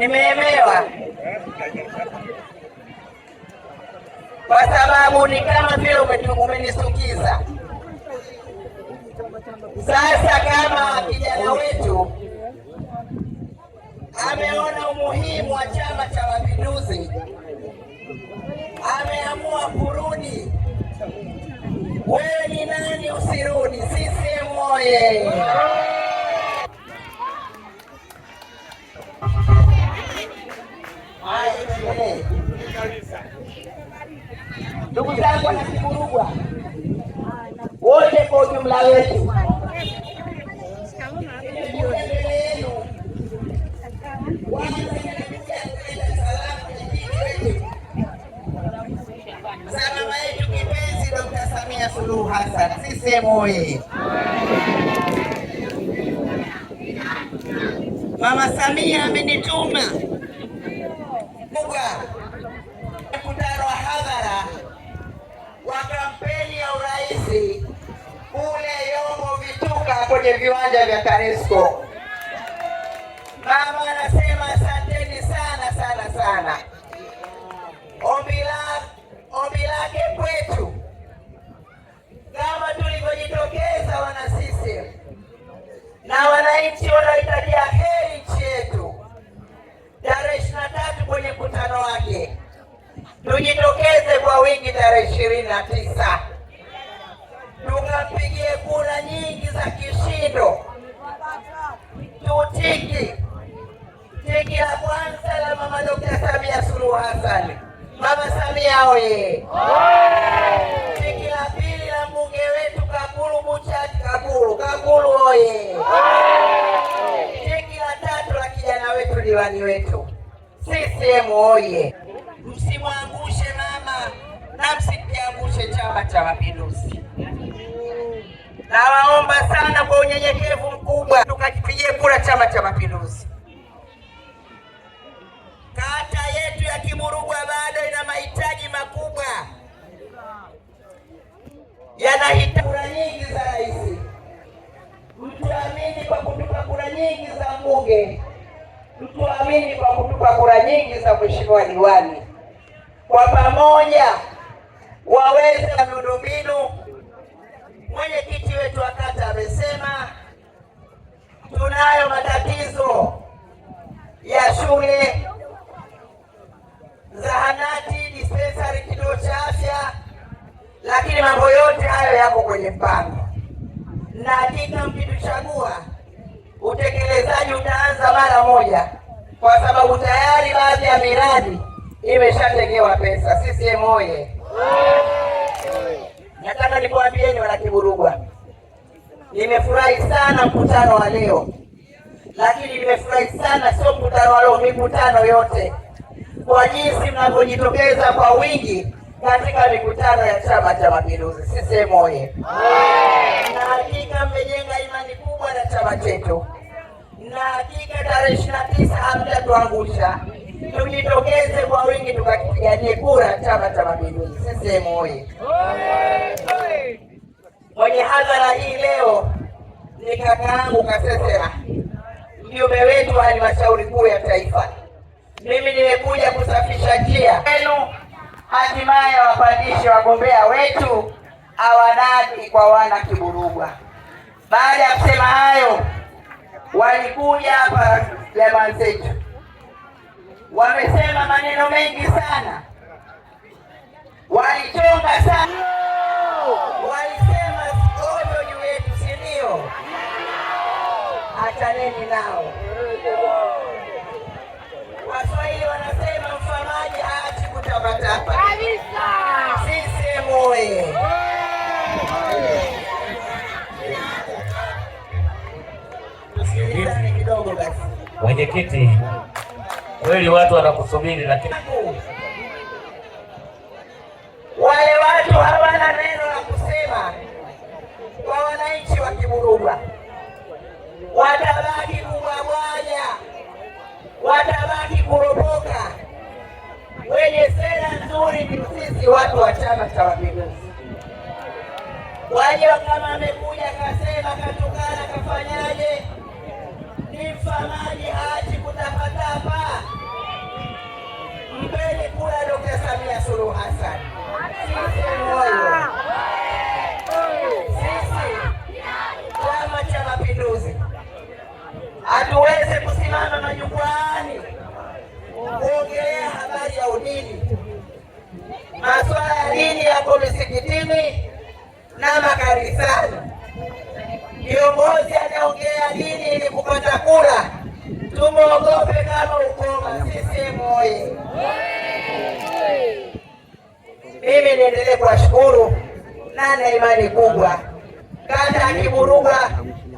nimeemewa kwa sababu ni kama vile umenisukiza. Sasa kama kijana wetu ameona umuhimu wa Chama cha Mapinduzi, ameamua kurudi. Wewe ni nani usirudi? sisiemu oye! Ndugu zangu wanakiburugwa wote kwa ujumla wetu, Samia Mama Samia amenituma Mwaka mkutano wa hadhara wa kampeni ya urais kule Yombo Vituka kwenye viwanja vya Tanesco. Mama anasema asanteni sana sana sana. Ombi ombi lake kwetu kama tulivyojitokeza wana CCM na wananchi wanaohitajia yake. Tujitokeze kwa wingi tarehe ishirini na tisa tukapigie kura nyingi za kishindo. Tutiki tiki la kwanza la Mama Dokta Samia Suluhu Hassan, Mama Samia oye! Tiki la pili la mbunge wetu kakulu Muchati kakulu Kakulu oye! Tiki la tatu la kijana wetu diwani wetu CCM oye! Chama cha Mapinduzi. Nawaomba sana kwa unyenyekevu mkubwa tukakipigie kura Chama cha Mapinduzi. Kata yetu ya Kimurugwa bado ina mahitaji makubwa, yanahitaji kura nyingi za rais. Mtuamini kwa kutupa kura nyingi za mbunge, mtuamini kwa kutupa kura nyingi za mheshimiwa diwani. Kwa pamoja waweze na miundombinu. Mwenyekiti wetu wa kata amesema tunayo matatizo ya shule, zahanati, dispensari, kituo cha afya, lakini mambo yote hayo yako kwenye mpango, na hakika mkituchagua utekelezaji utaanza mara moja, kwa sababu tayari baadhi ya miradi imeshatengewa pesa. CCM oye! nataka nikuambie ni wana Kiburugwa, nimefurahi sana mkutano wa leo, lakini nimefurahi sana sio mkutano wa leo, mikutano yote kwa jinsi mnavyojitokeza kwa wingi katika mikutano ya Chama cha Mapinduzi, CCM oye! Na hakika mmejenga imani kubwa na chama chetu, na hakika tarehe ishirini na tisa hamtatuangusha tujitokeze kwa wingi tukakipiganie kura Chama cha Mapinduzi, CCM oye! Kwenye hadhara hii leo ni kakaangu Kasesera, mjumbe wetu wa halmashauri kuu ya taifa. Mimi nimekuja kusafisha njia yenu, hatimaye wapandishe wagombea wetu awadadi kwa wana Kiburugwa. Baada ya kusema hayo, walikuja hapa jamaa zetu wamesema maneno mengi sana, walichonga sana, walisema sikojo juu yetu, si ndio? Achaneni nao. Waswahili wanasema mfamaji haachi kutapatapa. Sisi moye kidogo mwenyekiti Kweli watu wanakusubiri, lakini wale watu hawana neno la kusema kwa wananchi wa Kiburugwa. Watabaki kubwabwaja, watabaki kuropoka. Wenye sera nzuri ni sisi watu wa Chama cha Mapinduzi. Wajua kama amekuja kasema, katukana, kafanyaje, ni mfamaji, haji kutapatapa Chama cha Mapinduzi hatuweze kusimama majukwaani kuongelea habari ya udini, masuala ya dini yako misikitini na makanisani. Viongozi anaongea dini ili kupata kura, tumwogope kama ukoma. Sisi moye niendelee kuwashukuru na na imani kubwa. Kata ya Kiburugwa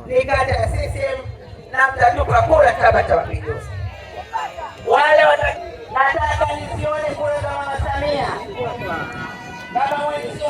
ni kata ya CCM na mtatupa kura Chama cha Mapinduzi. Wale wanataka nisione kura za Mama Samia kama wenzio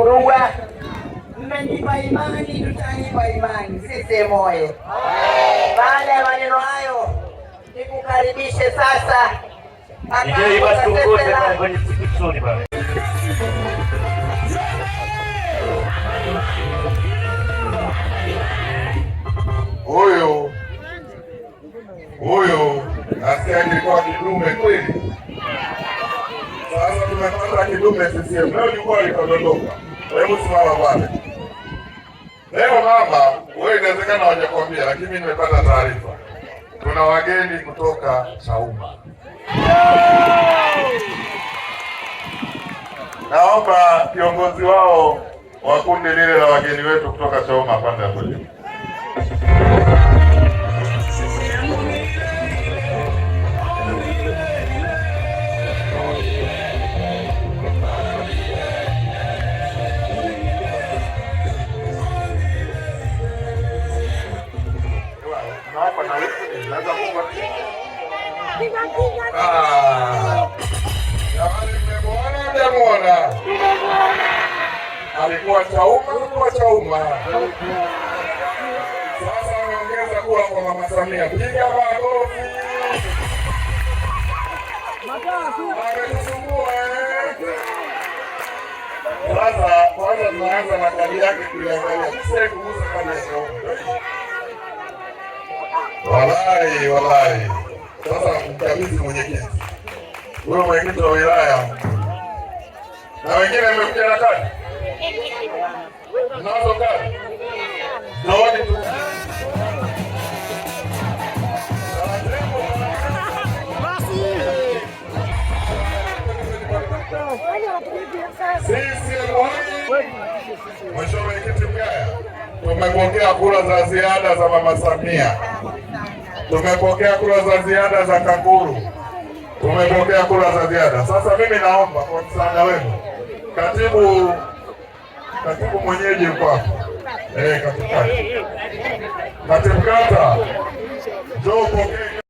Mkurugwa, mmenipa imani, tutanipa imani sisi moye. Baada ya maneno hayo, nikukaribishe sasa huyu huyu asiandikwa kidume kweli. Sasa tumepata kidume sisi, leo jukwaa litadondoka. Hebu simama bwana. Leo mama, wewe inawezekana hawajakwambia, lakini mimi nimepata taarifa, kuna wageni kutoka chauma Naomba kiongozi wao wa kundi lile la wageni wetu kutoka chauma pande hapo juu. kuwa Chauma kuwa Chauma. Sasa ameongeza kuwa kwa mama Samia, piga makofi. Eh. sasa. Kwanza tunaanza na kadi yake kuiangalia, sisi kuuza kadi ya Chauma. Walai, walai. Sasa mkabidhi mwenyekiti huyo, mwenyekiti wa wilaya na wengine amekuja na kadi Mheshimiwa Mwenyekiti tumepokea kura za ziada za Mama Samia, tumepokea kura za ziada za Kakuru, tumepokea kura za ziada. Sasa mimi naomba kwa msaada wenu, katibu katibu mwenyeji yuko hapo eh, katibu kata, katibu kata,